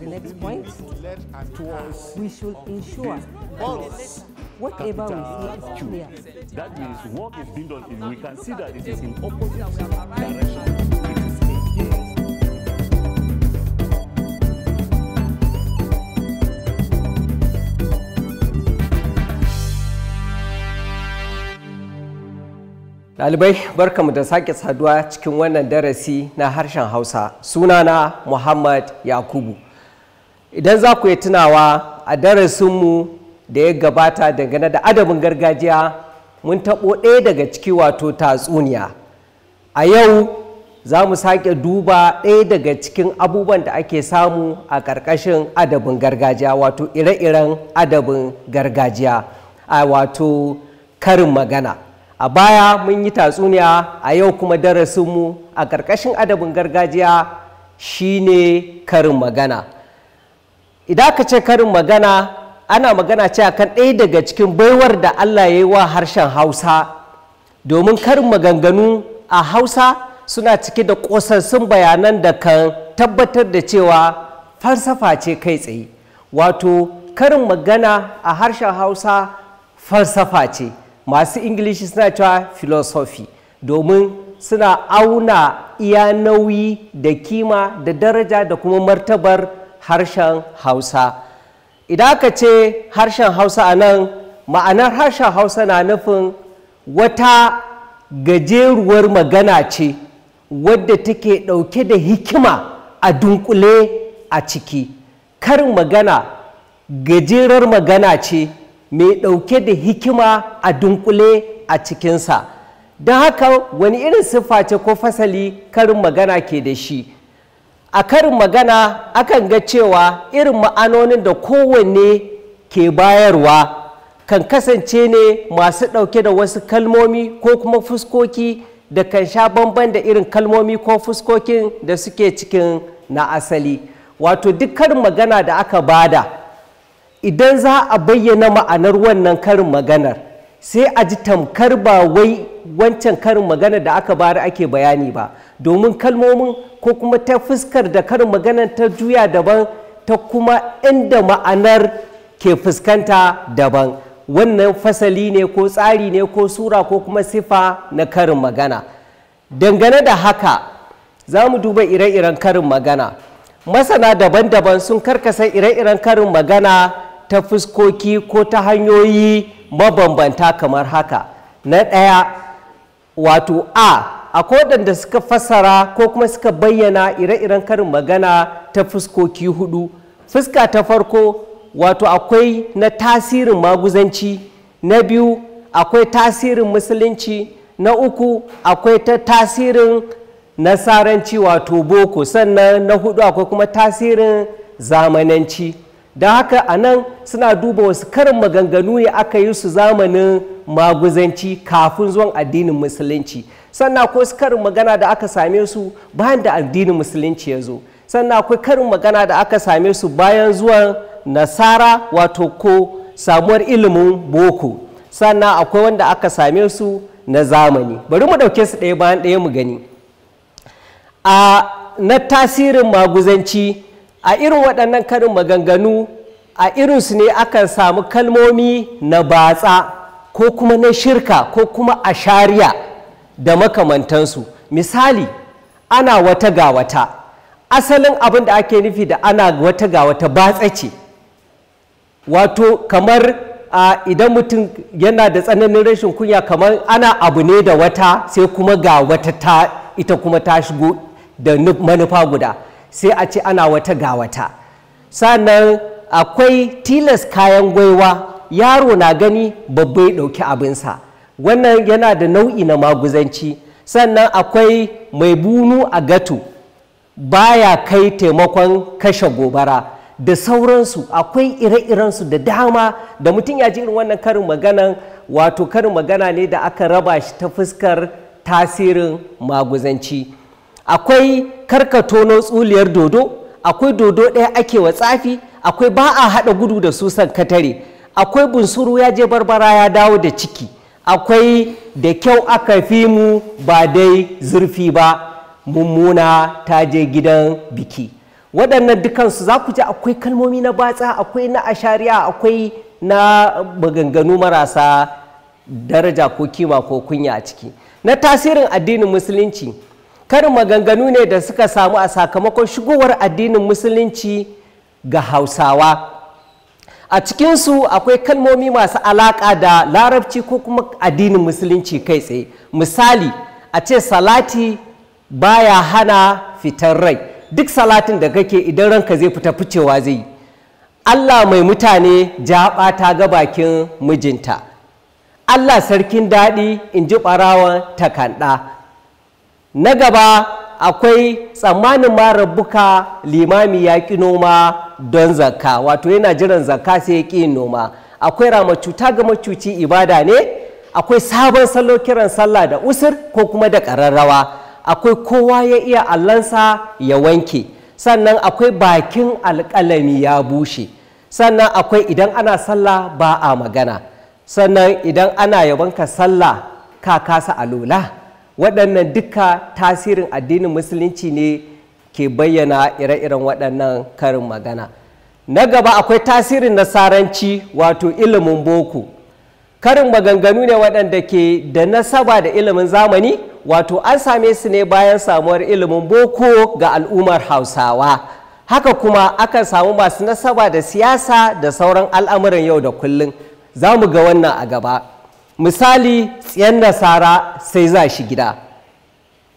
the next point, we should ensure that whatever we see is clear. That means work is being done. If we can see that it is in opposite direction. Ɗalibai barkamu da sake saduwa cikin wannan darasi na harshen Hausa. Sunana Muhammad Yakubu. idan za ku yi tunawa a darasinmu da ya gabata dangane da adabin gargajiya mun taɓo ɗaya daga ciki wato tatsuniya a yau za mu sake duba ɗaya daga cikin abubuwan da ake samu a ƙarƙashin adabin gargajiya wato ire-iren adabin gargajiya a wato karin magana a baya mun yi tatsuniya a yau kuma darasinmu a ƙarƙashin adabin gargajiya shine karin magana idan ka ce karin magana ana magana ce akan ɗaya daga cikin baiwar da Allah ya yi wa harshen hausa domin karin maganganu a hausa suna cike da ƙosassun bayanan da kan tabbatar da cewa falsafa ce kai tsaye wato karin magana a harshen hausa falsafa ce masu ingilishi suna cewa philosophy domin suna auna iya nauyi da kima da daraja da kuma martabar harshen hausa idan aka ce harshen hausa a nan ma'anar harshen hausa na nufin wata gajeruwar magana ce wadda take ɗauke da hikima a dunkule a ciki karin magana gajerar magana ce mai ɗauke da hikima a dunkule a cikinsa don haka wani irin siffa ce ko fasali karin magana ke da shi a karin magana akan ga cewa irin ma'anonin da kowanne ke bayarwa kan kasance ne masu ɗauke da wasu kalmomi ko kuma fuskoki da kan sha bamban da irin kalmomi ko fuskokin da suke cikin na asali wato duk karin magana da aka bada idan za a bayyana ma'anar wannan karin maganar sai a ji tamkar ba wai wancan karin magana da aka bari ake bayani ba domin kalmomin ko kuma ta fuskar da karin magana ta juya daban ta kuma inda ma'anar ke fuskanta daban wannan fasali ne ko tsari ne ko sura ko kuma sifa na karin magana dangane da haka za mu duba ire-iren karin magana masana daban-daban sun karkasa ire-iren karin magana ta fuskoki ko ta hanyoyi mabambanta kamar haka na ɗaya wato a akwai waɗanda suka fassara ko kuma suka bayyana ire-iren karin magana ta fuskoki hudu fuska ta farko wato akwai na tasirin maguzanci na biyu akwai tasirin musulunci na uku akwai ta tasirin nasaranci wato boko sannan na hudu akwai kuma tasirin zamananci don haka a nan suna duba wasu karin maganganu ne aka yi su zamanin maguzanci kafin zuwan addinin musulunci sannan akwai wasu karin magana da aka same su bayan da addinin musulunci ya zo sannan akwai karin magana da aka same su bayan zuwan nasara wato ko samuwar ilimin boko sannan akwai wanda aka same su na zamani bari mu ɗauke su ɗaya bayan ɗaya mu gani a na tasirin maguzanci a irin waɗannan karin maganganu a irinsu ne akan samu kalmomi na batsa ko kuma na shirka ko kuma a shariya da makamantansu misali ana wata ga wata asalin abin da ake nufi da ana wata ga wata batsa ce wato kamar idan mutum yana da tsananin rashin kunya kamar ana abu ne da wata sai kuma ga wata ta ita kuma ta shigo da manufa guda sai a ce ana wata ga wata sannan akwai tilas kayan gwaiwa yaro na gani babba ya ɗauki abinsa wannan yana da nau'i na maguzanci sannan akwai mai bunu a gato baya kai taimakon kashe gobara da sauransu akwai ire-irensu da dama da mutum ya ji irin wannan karin magana wato karin magana ne da aka raba shi ta fuskar tasirin maguzanci akwai karkato na tsuliyar dodo akwai dodo ɗaya ake wa tsafi akwai ba a haɗa gudu da su katare akwai bunsuru ya je barbara ya dawo da ciki akwai da kyau aka fi mu ba dai zurfi ba mummuna ta je gidan biki waɗannan dukansu za ku ji akwai kalmomi na batsa akwai na ashariya akwai na maganganu marasa daraja ko kima ko kunya a ciki na tasirin addinin musulunci karin maganganu ne da suka samu a sakamakon shigowar addinin musulunci ga hausawa a cikinsu akwai kalmomi masu alaƙa da larabci ko kuma addinin musulunci kai tsaye misali a ce salati baya hana fitar rai duk salatin da kake idan ranka zai fita ficewa zai yi allah mai mutane jaɓa ta ga bakin mijinta allah sarkin daɗi in ji ɓarawan takanɗa na gaba akwai tsammanin ma rabbuka limami ya ƙi noma don zakka wato yana jiran zakka sai ya ƙi noma akwai ramacuta ga macuci ibada ne akwai sabon salo kiran sallah da usur ko kuma da ƙararrawa akwai kowa ya iya allansa ya wanke sannan akwai bakin alƙalami ya bushe sannan akwai idan ana sallah ba a magana sannan idan ana yawanka sallah ka kasa lola? waɗannan duka tasirin addinin musulunci ne ke bayyana ire-iren waɗannan karin magana na gaba akwai tasirin nasaranci wato ilimin boko karin maganganu ne waɗanda ke da nasaba da ilimin zamani wato an same su ne bayan samuwar ilimin boko ga al'ummar hausawa haka kuma akan samu masu nasaba da siyasa da sauran al'amuran yau da kullum za mu ga wannan a gaba misali tsayen nasara sai za shi gida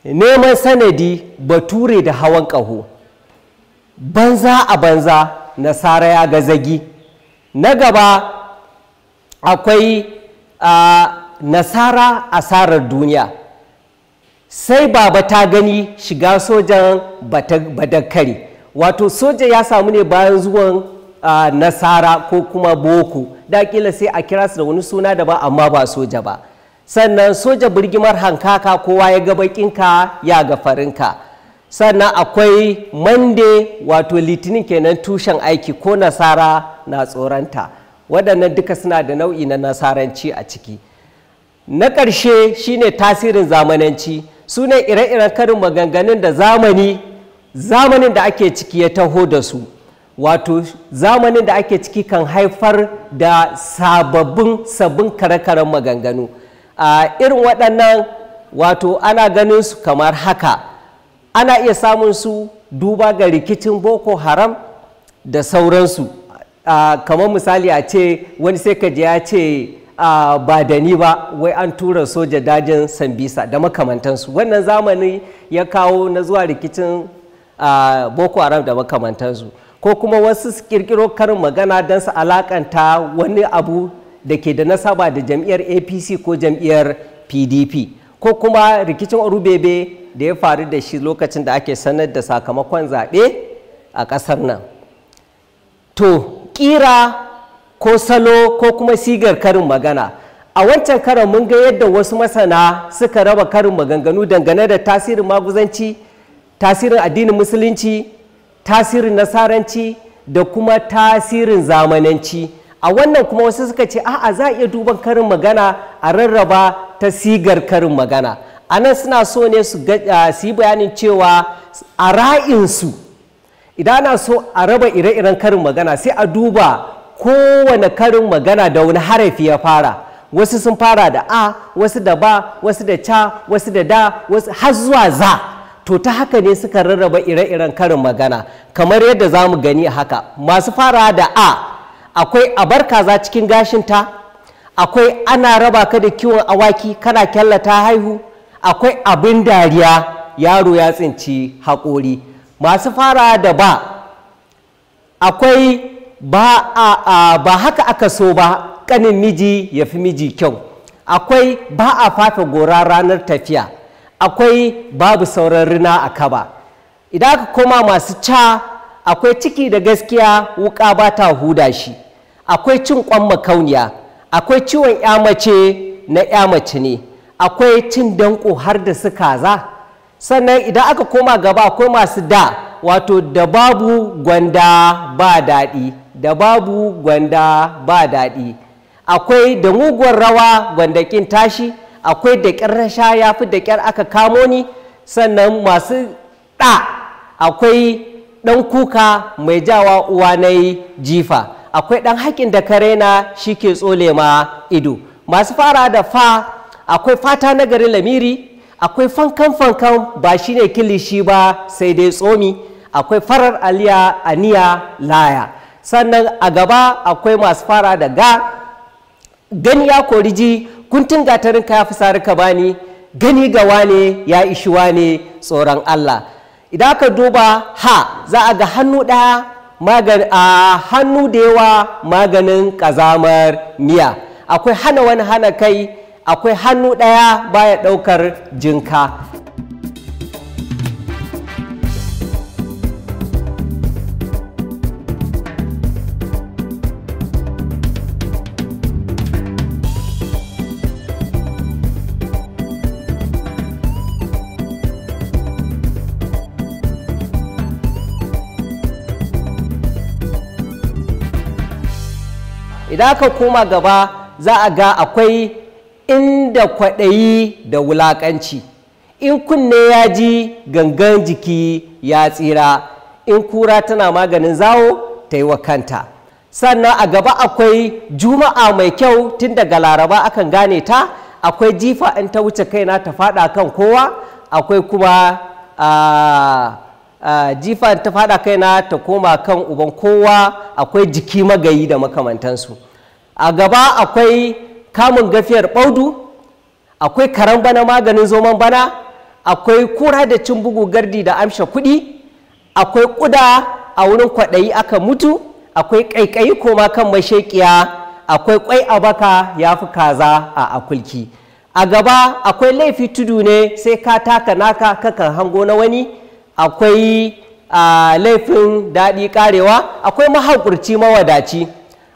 neman sanadi bature da hawan ƙaho banza a banza nasara ya ga zagi na gaba akwai nasara asarar duniya sai baba ta gani shiga sojan badakare wato soja ya samu ne bayan zuwan nasara ko kuma boko da kila sai a kira su da wani suna da ba amma ba soja ba sannan soja birgimar hankaka kowa ya ga bakinka ya ga farinka sannan akwai mande wato litinin kenan tushen aiki ko nasara na tsoranta waɗannan duka suna da nau'i na nasaranci a ciki na ƙarshe shine tasirin zamananci su ne ire-iren karin maganganun da zamani zamanin da ake ciki ya taho da su wato zamanin da ake ciki kan haifar da sababbin sabbin kare-karen maganganu a irin waɗannan wato ana ganin su kamar haka ana iya samun su duba ga rikicin boko haram da sauransu kamar misali a ce wani sai ka ya ce ba da ni ba wai an tura soja dajin sambisa da makamantansu wannan zamani ya kawo na zuwa rikicin boko haram da makamantansu ko kuma wasu su kirkiro karin magana don su alakanta wani abu da ke da nasaba da jam'iyyar apc ko jam'iyyar pdp ko kuma rikicin orubebe da ya faru da shi lokacin da ake sanar da sakamakon zaɓe a ƙasar nan to ƙira ko salo ko kuma sigar karin magana a wancan karan mun ga yadda wasu masana suka raba karin maganganu dangane da tasirin maguzanci tasirin addinin musulunci tasirin nasaranci da kuma tasirin zamananci a wannan kuma wasu suka ce a'a za a iya duban karin magana a rarraba ta sigar karin magana a nan suna so ne su yi bayanin cewa a ra'insu idan ana so a raba ire-iren karin magana sai a duba kowane karin magana da wani harafi ya fara wasu sun fara da a wasu da ba wasu da ca wasu da da wasu har zuwa za to ta haka ne suka rarraba ire-iren karin magana kamar yadda za mu gani haka masu fara da a akwai bar kaza cikin gashinta akwai ana raba ka da kiwon awaki kana kyallata haihu akwai abin dariya yaro ya tsinci haƙori masu fara da ba akwai ba a, ba haka aka so ba ƙanin miji ya fi miji kyau akwai ba a fafe gora ranar tafiya akwai babu sauran rina a kaba idan aka koma masu ca akwai ciki da gaskiya wuka ba ta huda shi akwai cin kwan makauniya akwai ciwon ya mace na ya mace ne akwai cin danko har da su kaza sannan idan aka koma gaba akwai masu da wato da babu gwanda ba daɗi da babu gwanda ba daɗi akwai da muguwar rawa gwandakin tashi akwai da ƙyar rasha ya fi da ƙyar aka kamo ni sannan masu ɗa akwai ɗan kuka mai jawa uwa na yi jifa akwai ɗan haƙin da kare na shi ke tsole ma ido masu fara da fa akwai fata na gari lamiri akwai fankan fankan ba shi ne kilishi ba sai dai tsomi akwai farar aliya aniya laya sannan a gaba akwai masu fara da ga gani ya koriji guntun gatarin ka fi sari ka bani gani ga wane ya ishi wane tsoron Allah idan aka duba ha za a ga hannu ɗaya magani a hannu da yawa maganin ƙazamar miya akwai hana wani hana kai akwai hannu ɗaya baya ɗaukar jinka idan aka koma gaba za a ga akwai inda kwaɗayi da wulaƙanci in kunne ya ji gangan jiki ya tsira in kura tana maganin zawo ta yi wa kanta sannan a gaba akwai juma'a mai kyau tun daga laraba akan gane ta akwai jifa in ta wuce kaina ta faɗa kan kowa akwai kuma a ah, jifa ta faɗa kaina ta koma kan uban kowa akwai jiki magayi da makamantansu a gaba akwai kamun gafiyar baudu akwai karan bana maganin zoman bana akwai kura da cin bugu gardi da amsha kuɗi akwai ƙuda a wurin kwaɗayi aka mutu akwai ƙaiƙayi koma kan mashekiya akwai ƙwai a baka ya fi kaza a akulki a gaba akwai laifi tudu ne sai ka taka naka kakan hango na wani akwai laifin daɗi karewa akwai mahaƙurci mawadaci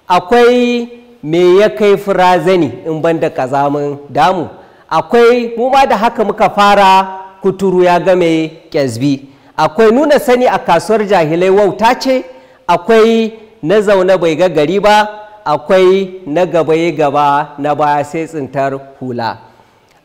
akwai me ya kai firazani in ban da kazamin damu akwai mu ma da haka muka fara kuturu ya ga mai ƙyazbi akwai nuna sani a kasuwar jahilai wauta ce akwai na zaune bai ga gari ba akwai na gaba ya gaba na baya sai tsintar hula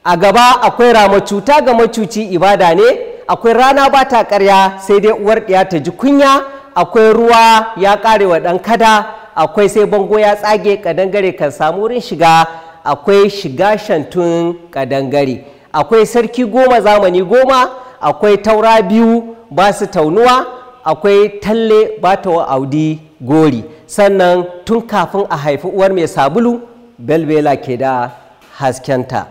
a gaba akwai rama cuta ga macuci ibada ne akwai rana ba ta karya sai dai uwar ɗiya ta ji kunya akwai ruwa ya ƙare wa ɗan kada akwai sai bango ya tsage kadangare kan samu wurin shiga akwai shiga shantun kadangare akwai sarki goma zamani goma akwai taura biyu ba su taunuwa akwai talle ba ta wa audi gori sannan tun kafin a haifi uwar mai sabulu belbela ke da haskenta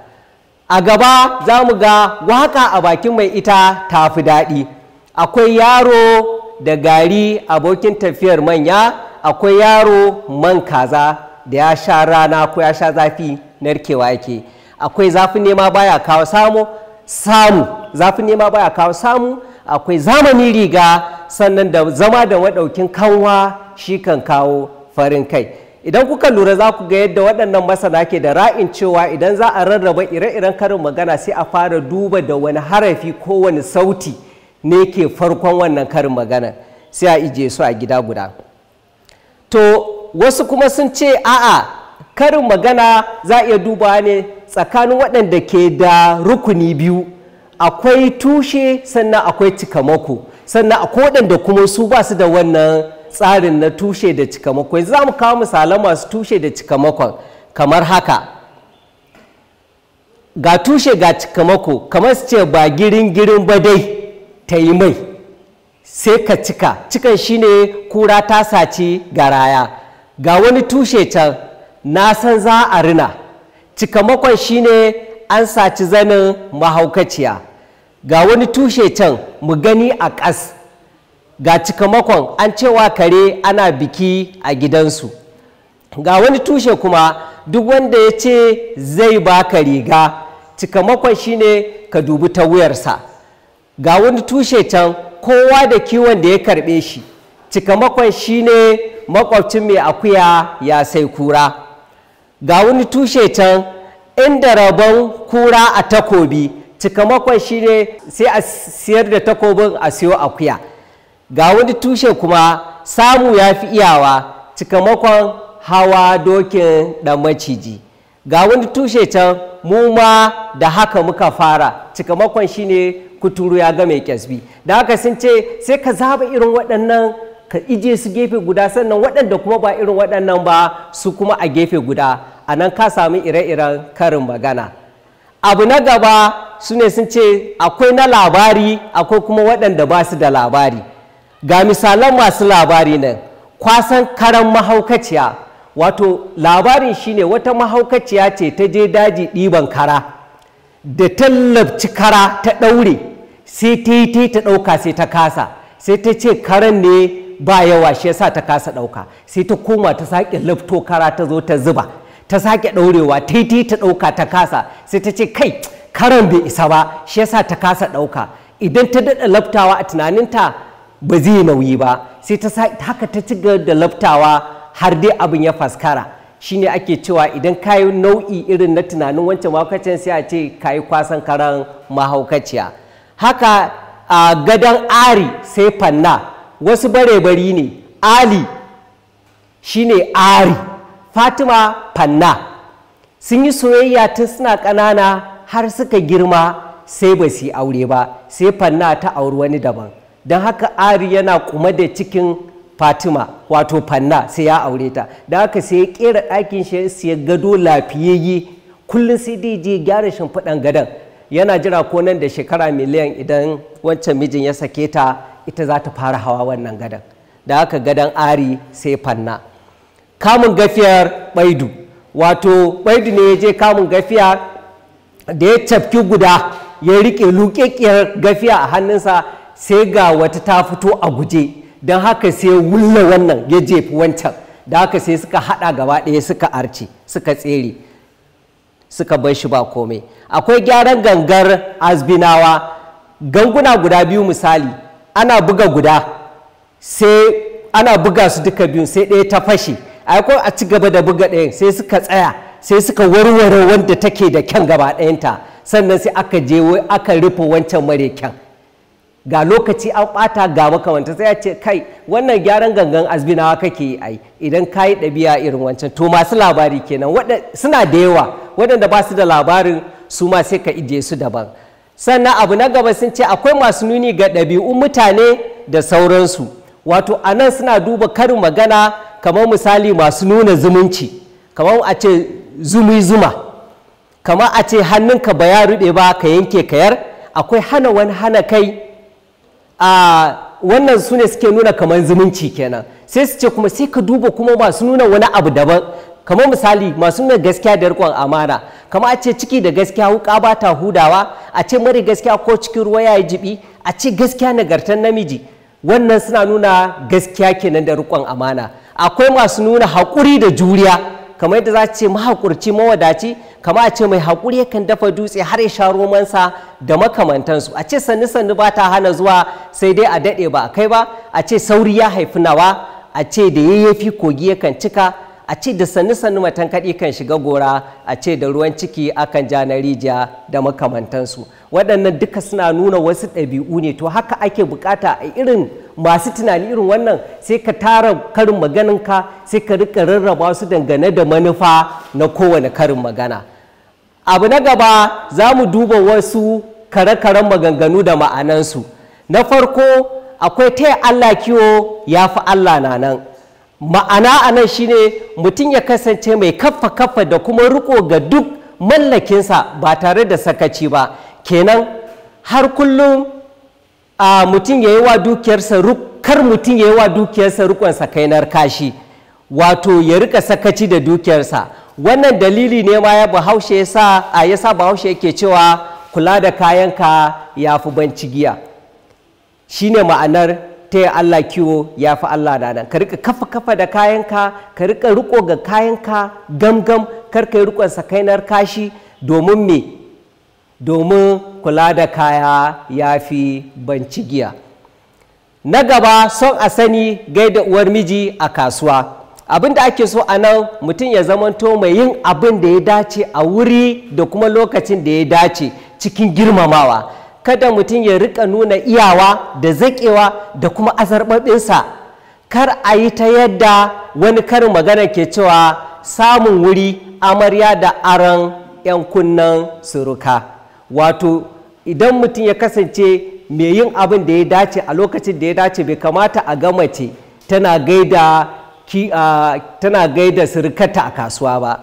a gaba za mu ga waka a bakin mai ita ta fi daɗi akwai yaro da gari abokin tafiyar manya akwai yaro man kaza da ya sha rana ko ya sha zafi narkewa yake akwai zafin nema baya kawo samu samu zafin nema baya kawo samu akwai zamani riga sannan da zama da maɗaukin kanwa shi kan kawo farin kai idan kuka lura za ku ga yadda waɗannan masana ke da ra'in cewa idan za a rarraba ire-iren karin magana sai a fara duba da wani harafi ko wani sauti ne ke farkon wannan karin magana sai a ije su a gida guda to wasu kuma sun ce a'a karin magana za a iya duba ne tsakanin waɗanda ke da rukuni biyu akwai tushe sannan akwai cikamako sannan akwai waɗanda kuma su ba su da wannan tsarin na tushe da cikamakon za mu kawo misalan masu tushe da cikamakon kamar haka ga tushe ga cikamako kamar su ce ba girin girin ba dai ta yi mai sai ka cika cikan shine kura ta saci garaya ga wani tushe can na san za a rina cikamakon shine an saci zanin mahaukaciya ga wani tushe can mu gani a ƙas ga cikamakon an cewa kare ana biki a gidansu ga wani tushe kuma duk wanda ya ce zai baka riga cikamakon shine ka dubi ta wuyarsa ga wani tushe can kowa da kiwon da ya karbe shi cikamakon shine makwabcin mai akuya ya sai kura ga wani tushe can inda rabon kura a takobi cikamakon shine sai a siyar da takobin a siyo akuya ga wani tushe kuma samu ya fi iyawa cikamakon hawa dokin da maciji ga wani tushe can mu ma da haka muka fara cikamakon shine kuturu ya ga mai kyasbi da haka sun ce sai ka zaba irin waɗannan ka ije su gefe guda sannan waɗanda kuma ba irin waɗannan ba su kuma a gefe guda a nan ka sami ire-iren karin magana abu na gaba su ne sun ce akwai na labari akwai kuma waɗanda ba su da labari ga misalan masu labari nan kwasan karan mahaukaciya wato labarin shine wata mahaukaciya ce ta je daji ɗiban kara da tallabci kara ta ɗaure sai ta yi ta ɗauka sai ta kasa sai ta ce karan ne ba yawa shi yasa ta kasa ɗauka sai ta koma ta sake lafto kara ta zo ta zuba ta sake ɗaurewa ta yi ta ɗauka ta kasa sai ta ce kai karan bai isa ba shi yasa ta kasa ɗauka idan ta daɗa laftawa a tunaninta ba zai nauyi ba sai ta haka ta ci da laftawa har dai abin ya faskara shine ake cewa idan kayi nau'i irin na tunanin wancan mahaukacin sai a ce kayi kwasan karan mahaukaciya haka a gadon ari sai fanna wasu bare-bari ne ali shine ari fatima fanna sun yi soyayya tun suna ƙanana har suka girma sai ba su aure ba sai fanna ta auri wani daban don haka ari yana kuma da cikin fatima wato fanna sai ya aure ta don haka sai ya kera ɗakin shi sai gado lafiyayye kullum sai dai je gyara shimfiɗan gadon yana jira ko nan da shekara miliyan idan wancan mijin ya sake ta ita za ta fara hawa wannan gadon da haka gadon ari sai fanna kamun gafiyar baidu wato baidu ne ya je kamun gafiya da ya cafki guda ya riƙe luƙeƙiyar gafiya a hannunsa sai ga wata ta fito a guje don haka sai wulla wannan ya jefi wancan da haka sai suka hada gaba ɗaya suka arce suka tsere suka bar shi ba komai akwai gyaran gangar azbinawa ganguna guda biyu misali ana buga guda sai ana buga su duka biyu sai ɗaya ta fashe aiko a ci gaba da buga ɗayan sai suka tsaya sai suka warware wanda take da kyan gaba ɗayanta sannan sai aka je aka rufe wancan mare kyan ga lokaci an ɓata ga makamanta sai ya ce kai wannan gyaran gangan azbinawa kake yi ai idan ka yi ɗabi'a irin wancan to masu labari kenan suna da yawa waɗanda ba su da labarin su ma sai ka ije su daban sannan abu na gaba sun ce akwai masu nuni ga ɗabi'un mutane da sauransu wato a nan suna duba karin magana kamar misali masu nuna zumunci kamar a ce zumi zuma kamar a ce hannunka ba ya ruɗe ba ka yanke kayar akwai hana wani hana kai a wannan su ne suke nuna kamar zumunci kenan sai su ce kuma sai ka duba kuma masu nuna wani abu daban kamar misali masu nuna gaskiya da riƙon amana kamar a ce ciki da gaskiya huka ba ta hudawa a ce mari gaskiya ko cikin ruwa ya yi jibi a ce gaskiya nagartar namiji wannan suna nuna gaskiya kenan da riƙon amana akwai masu nuna haƙuri da juriya kamar yadda za ce mahaƙurci mawadaci kamar a ce mai haƙuri yakan dafa dutse har ya sha romansa da makamantansu a ce sannu sannu ba ta hana zuwa sai dai a daɗe ba a kai ba a ce sauri ya haifi nawa a ce da yayyafi kogi yakan cika a ce da sannu-sannu kaɗi kan shiga gora a ce da ruwan ciki akan ja na rijiya da makamantansu waɗannan duka suna nuna wasu ɗabi'u ne to haka ake bukata a irin masu tunani irin wannan sai ka tara karin maganinka sai ka rika rarraba su dangane da manufa na kowane karin magana abu na gaba za mu duba wasu kare-karen maganganu da ma'anansu na farko akwai taya allah kiwo ya fi allah na nan ma'ana a anan shine mutum ya kasance mai kaffa kafa da kuma riko ga duk mallakinsa ba tare da sakaci ba kenan har kullum a mutum ya yi wa dukiyarsa kar mutum ya yi wa dukiyarsa rikon sakainar kashi wato ya rika sakaci da dukiyarsa wannan dalili ne ma ya bahaushe sa a ya sa bahaushe yake cewa kula da kayanka ya fi ban giya shine ma'anar taya Allah kiwo ya fi Allah dana ka rika kafa kafa da kayanka ka rika riko ga kayanka gamgam kar ka yi rikon sakainar kashi domin me domin kula da kaya ya fi banci na gaba son a sani gaida uwar miji a kasuwa abin da ake so a nan mutum ya zamanto mai yin abin da ya dace a wuri da kuma lokacin da ya dace cikin girmamawa kada mutum ya riƙa nuna iyawa da zaƙewa da kuma azarbaɓinsa kar a yi ta yadda wani karin magana ke cewa samun wuri amarya da aron 'yan kunnen suruka wato idan mutum ya kasance mai yin abin da ya dace a lokacin da ya dace bai kamata a ga mace tana gaida tana gaida surukata a kasuwa ba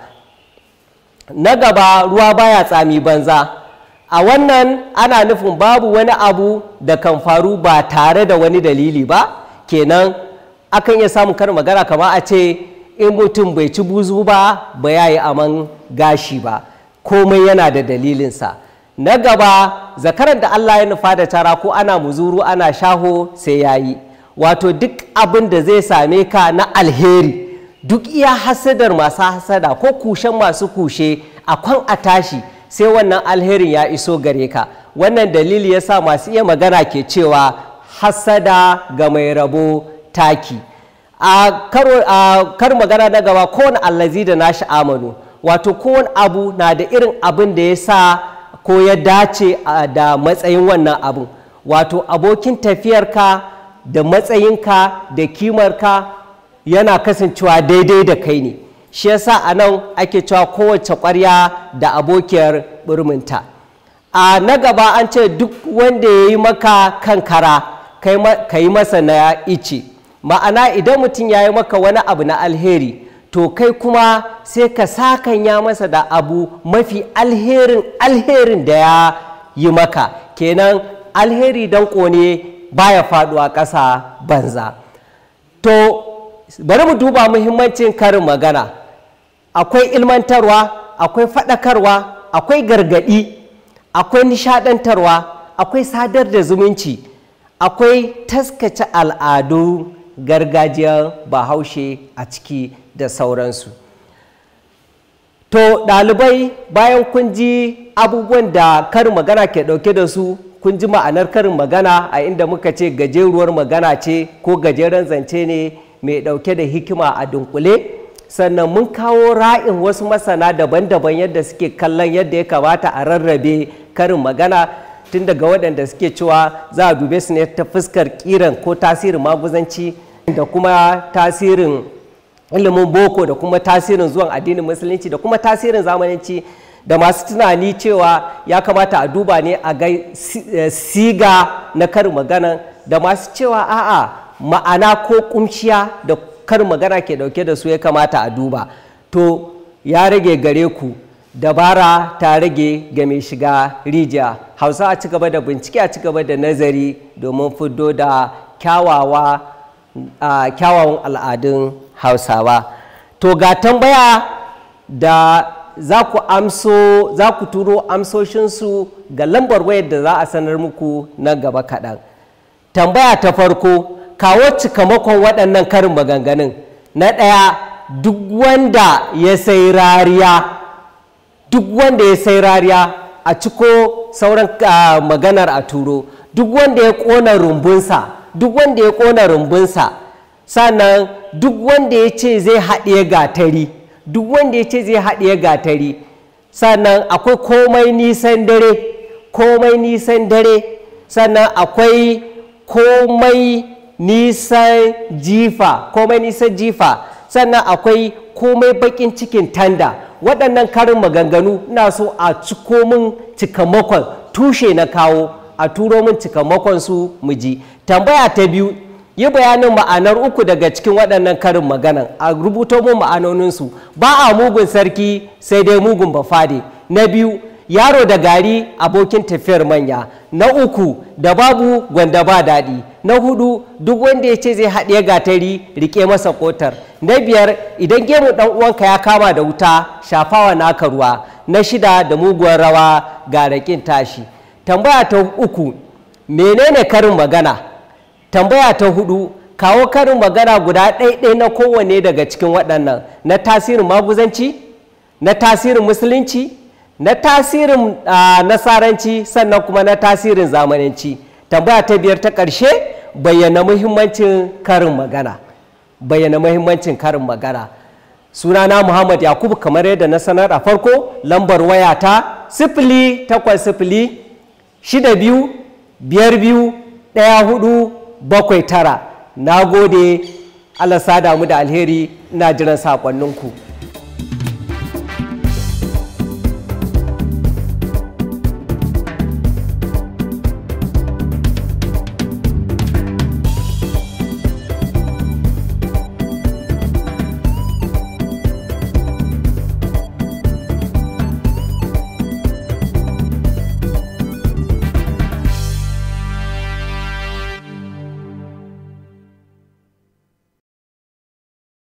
na gaba ruwa baya tsami banza a wannan ana nufin babu wani abu da kan faru ba tare da wani dalili ba kenan akan iya samun karin magana kama a ce in mutum bai ci buzu ba ba ya yi aman gashi ba komai yana da dalilinsa na gaba zakaran da allah ya nufa da tara ko ana muzuru ana shaho sai ya yi wato duk abin da zai same ka na alheri duk iya hasadar masu hasada ko kushen masu kushe a kwan a tashi sai wannan alherin ya iso gare ka wannan dalili ya sa masu iya magana ke cewa hasada ga mai rabo taki a kar magana na gaba kowane allazi da nashi amanu wato kowane abu na da irin abin da ya sa ko ya dace da matsayin wannan abin wato abokin tafiyarka da matsayinka da kimarka yana kasancewa daidai da kai ne shi yasa a nan ake cewa kowace ƙwarya da abokiyar birminta a na gaba an ce duk wanda ya yi maka kankara ka yi masa na ice ma'ana idan mutum ya yi maka wani abu na alheri to kai kuma sai ka sa kan ya masa da abu mafi alherin alherin da ya yi maka kenan alheri don kone baya faɗuwa ƙasa banza to bari mu duba muhimmancin karin magana akwai ilmantarwa akwai faɗakarwa akwai gargaɗi akwai nishaɗantarwa akwai sadar da zumunci akwai taskace al'adu gargajiyar bahaushe a ciki da sauransu to ɗalibai bayan kun ji abubuwan da karin magana ke ɗauke da su kun ji ma'anar karin magana a inda muka ce gajeruwar magana ce ko gajeren zance ne mai ɗauke da hikima a dunkule sannan mun kawo ra'in wasu masana daban-daban yadda suke kallon yadda ya kamata a rarrabe karin magana tun daga waɗanda suke cewa za a dube su ne ta fuskar kiran ko tasirin maguzanci da kuma tasirin ilimin boko da kuma tasirin zuwan addinin musulunci da kuma tasirin zamananci da masu tunani cewa ya kamata a duba ne a ga eh, siga na karin magana da masu cewa a'a ma'ana ko kumciya da kar magana ke dauke da su ya kamata a duba to ya rage gare ku dabara ta rage ga mai shiga rijiya hausa a cigaba da bincike a ci da nazari domin fuddo da kyawawan al'adun hausawa to ga tambaya da za ku za ku turo amsoshinsu ga lambar wayar da za a sanar muku na gaba kaɗan tambaya ta farko kawo cikamakon waɗannan karin maganganun na ɗaya duk wanda ya sai rariya duk wanda ya sai rariya a ciko sauran maganar a turo duk wanda ya ƙona rumbunsa duk wanda ya ƙona rumbunsa sannan duk wanda ya ce zai haɗiye gatari duk wanda ya ce zai haɗiye gatari sannan akwai komai nisan dare komai nisan dare sannan akwai komai nisan jifa komai nisan jifa sannan akwai komai bakin cikin tanda waɗannan karin maganganu na so a ciko min cikamakon tushe na kawo a turo min cikamakon su mu ji tambaya ta biyu yi bayanin ma'anar uku daga cikin waɗannan karin maganan a rubuto min ma'anoninsu ba a mugun sarki sai dai mugun bafade na biyu yaro da gari abokin tafiyar manya na uku da babu gwanda ba daɗi na hudu duk wanda ya ce zai haɗe gatari rike masa kotar na biyar idan gemu ɗan uwanka ya kama da wuta shafawa naka ruwa na shida da muguwar rawa ga raƙin tashi tambaya ta uku menene karin magana tambaya ta hudu kawo karin magana guda ɗaiɗai na kowane daga cikin waɗannan na tasirin maguzanci na tasirin musulunci na tasirin ah, nasaranci sannan kuma na tasirin zamananci tambaya ta biyar ta ƙarshe bayyana muhimmancin karin magana bayyana muhimmancin karin magana sunana muhammad yakubu kamar yadda na sanar a farko lambar waya ta sifili takwas sifili shida biyu biyar biyu ɗaya hudu bakwai tara na gode allah damu da alheri ina jiran saƙonninku